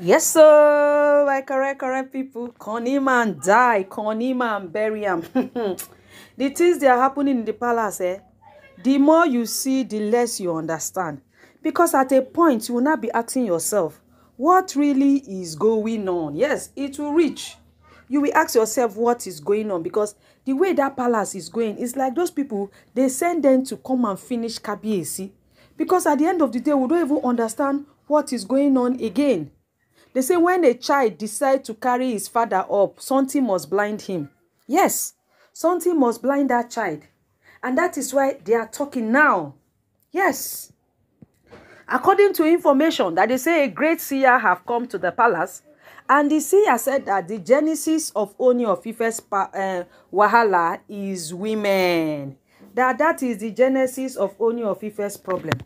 yes so my correct correct people Conny man die Conny man bury him. the things that are happening in the palace eh the more you see the less you understand because at a point you will not be asking yourself what really is going on yes it will reach you will ask yourself what is going on because the way that palace is going is like those people they send them to come and finish See, because at the end of the day we don't even understand what is going on again They say when a child decides to carry his father up, something must blind him. Yes, something must blind that child. And that is why they are talking now. Yes. According to information that they say a great seer have come to the palace, and the seer said that the genesis of Oni of Ife's uh, wahala is women. That that is the genesis of Oni of Ife's problem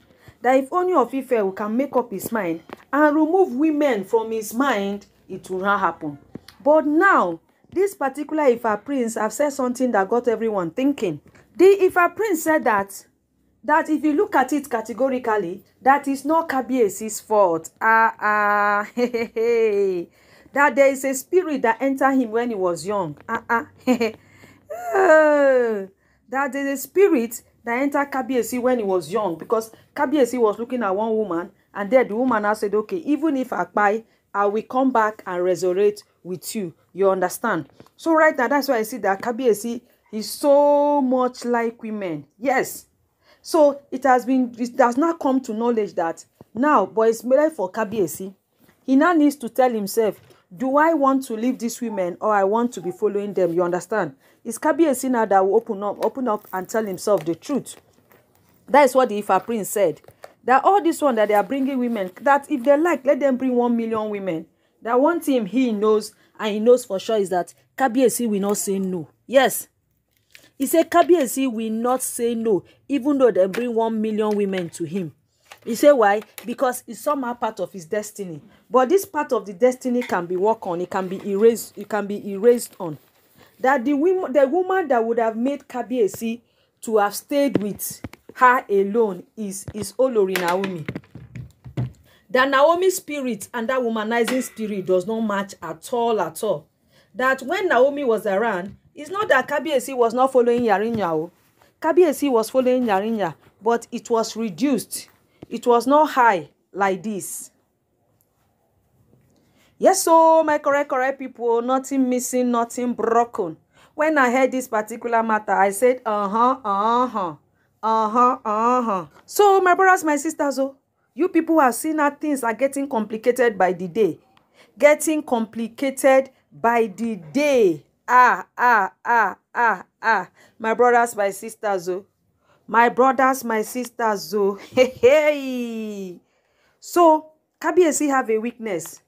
that if only of Ife can make up his mind and remove women from his mind, it will not happen. But now, this particular Ifa prince have said something that got everyone thinking. The Ifa prince said that that if you look at it categorically, that is not Kabiesi's fault. Ah, ah, hey, hey, hey. That there is a spirit that entered him when he was young. Ah, ah, hey, Uh, that there is a spirit that entered Kabiesi when he was young because Kabiesi was looking at one woman and then the woman now said, okay, even if I buy, I will come back and resurrect with you. You understand? So right now, that's why I see that Kabiesi is so much like women. Yes. So it has been, it does not come to knowledge that now, but it's made for Kabiesi. He now needs to tell himself, do I want to leave these women or I want to be following them? You understand? It's Kabiyesi now that will open up, open up and tell himself the truth. That is what the Ifa prince said. That all this one that they are bringing women, that if they like, let them bring one million women. That one thing he knows and he knows for sure is that Kabiyesi will not say no. Yes. He said Kabiyesi will not say no, even though they bring one million women to him. You say why? Because it's somehow part of his destiny. But this part of the destiny can be worked on. It can be erased. It can be erased on. That the woman, the woman that would have made Kabiesi to have stayed with her alone is is Olori Naomi. That Naomi's spirit and that womanizing spirit does not match at all at all. That when Naomi was around, it's not that Kabiesi was not following Yarinya. Kabiesi was following Yarinya, but it was reduced it was not high like this yes so my correct correct people nothing missing nothing broken when i heard this particular matter i said uh-huh uh-huh uh-huh uh-huh so my brothers my sisters oh you people have seen that things are getting complicated by the day getting complicated by the day ah ah ah ah ah my brothers my sisters oh my brothers my sisters o hey, hey. so kabiyesi have a weakness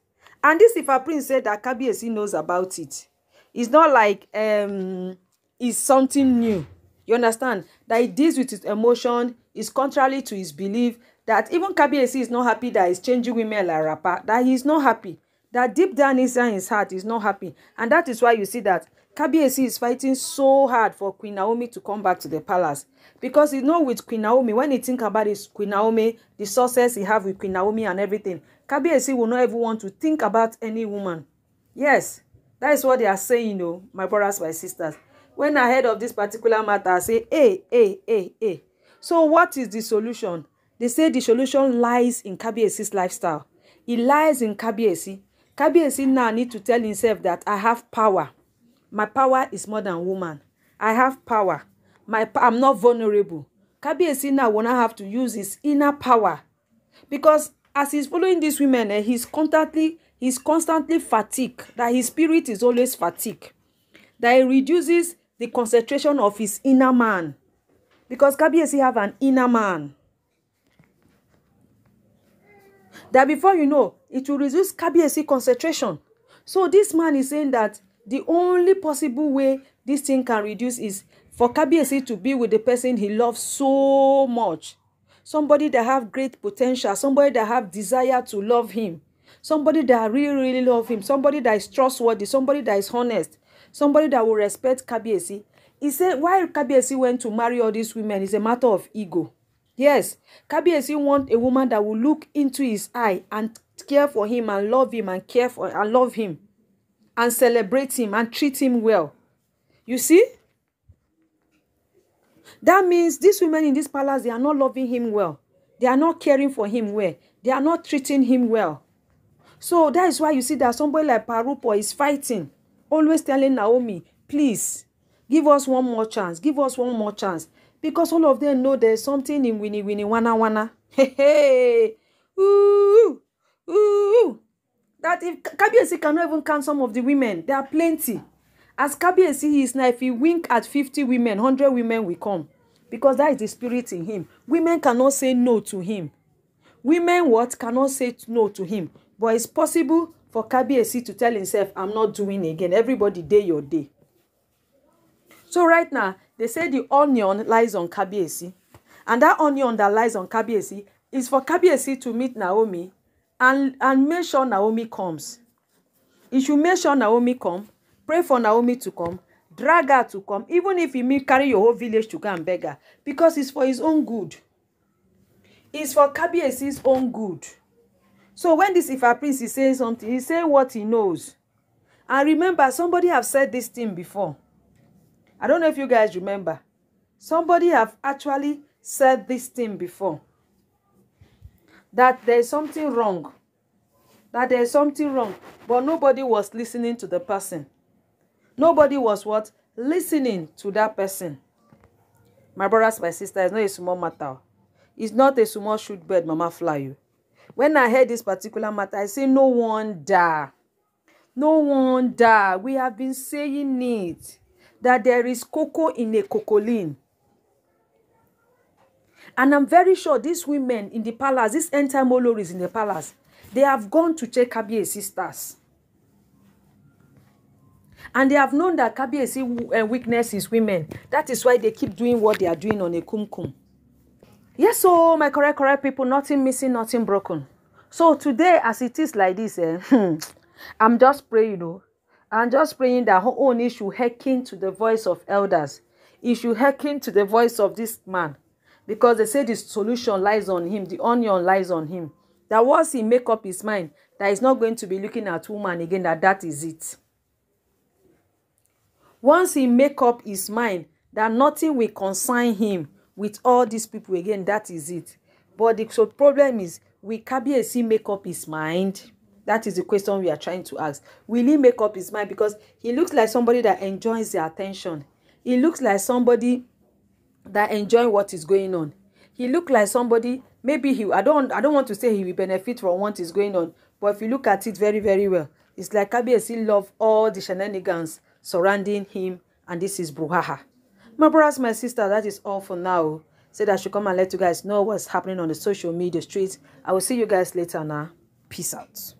and this if ifa prince said that kabiyesi knows about it it's not like um, it's something new you understand that he deals with his emotion is contrary to his belief that even kabiyesi is not happy that he's changing women like rapper that he's not happy that deep down inside his heart he's not happy and that is why you see that Kabiyesi is fighting so hard for Queen Naomi to come back to the palace because you know with Queen Naomi when you think about this Queen Naomi the success he have with Queen Naomi and everything Kabiyesi will not ever want to think about any woman yes that is what they are saying o my brothers my sisters when I heard of this particular matter I say hey hey hey hey so what is the solution they say the solution lies in Kabiyesi's lifestyle it lies in Kabiyesi Kabiyesi now need to tell himself that I have power My power is more than woman. I have power. My, I'm not vulnerable. Kabiyesi now will not have to use his inner power because as he's following these women, eh, he's constantly he's constantly fatigued. That his spirit is always fatigued. That he reduces the concentration of his inner man because Kabiyesi have an inner man. That before you know, it will reduce Kabiyesi concentration. So this man is saying that the only possible way this thing can reduce is for Kabiesi to be with the person he loves so much. Somebody that have great potential, somebody that have desire to love him, somebody that really, really love him, somebody that is trustworthy, somebody that is honest, somebody that will respect Kabiesi. He said, why Kabiesi went to marry all these women is a matter of ego. Yes, Kabiesi want a woman that will look into his eye and care for him and love him and care for and love him. and celebrate him and treat him well. You see? That means these women in this palace, they are not loving him well. They are not caring for him well. They are not treating him well. So that is why you see that somebody like Parupo is fighting, always telling Naomi, please, give us one more chance, give us one more chance. Because all of them know there's something in Winnie Winnie Wana Wana. Hey, hey, ooh, ooh that if Kabiyesi cannot even count some of the women, there are plenty. As Kabiyesi is now, if he wink at 50 women, 100 women will come. Because that is the spirit in him. Women cannot say no to him. Women what? Cannot say no to him. But it's possible for Kabiyesi to tell himself, I'm not doing again. Everybody day your day. So right now, they say the onion lies on Kabiyesi. And that onion that lies on Kabiyesi is for Kabiyesi to meet Naomi and and make sure naomi comes you should make sure naomi come pray for naomi to come drag her to come even if e mean carry your whole village to go and beg her because it's for his own good it's for kabiyesi's own good so when this ifa prince is saying something he say what he knows and remember somebody have said this thing before i don't know if you guys remember somebody have actually said this thing before that there is something wrong that there is something wrong but nobody was listening to the person nobody was what listening to that person my brothers my sisters it's not a small matter it's not a small shoot bird mama fly you when i heard this particular matter i say no wonder no wonder we have been saying it that there is cocoa in a cocoline And I'm very sure these women in the palace, these entomologists in the palace, they have gone to check Kabie's sisters. And they have known that Kabie's eh, weakness is women. That is why they keep doing what they are doing on a kumkum. Yes, so oh, my correct, correct people, nothing missing, nothing broken. So today, as it is like this, eh, I'm just praying, you oh. know. I'm just praying that her own issue hearken to the voice of elders. It should hearken to the voice of this man because they say the solution lies on him the onion lies on him that once he make up his mind that he's not going to be looking at woman again that that is it once he make up his mind that nothing will concern him with all these people again that is it but the so problem is will kabiyesi make up his mind that is the question we are trying to ask will he make up his mind because he looks like somebody that enjoys the attention he looks like somebody that enjoying what is going on. He looked like somebody, maybe he, I don't, I don't want to say he will benefit from what is going on, but if you look at it very, very well, it's like still love all the shenanigans surrounding him, and this is Bruhaha. My brothers, my sister, that is all for now. Say that I should come and let you guys know what's happening on the social media streets. I will see you guys later now. Peace out.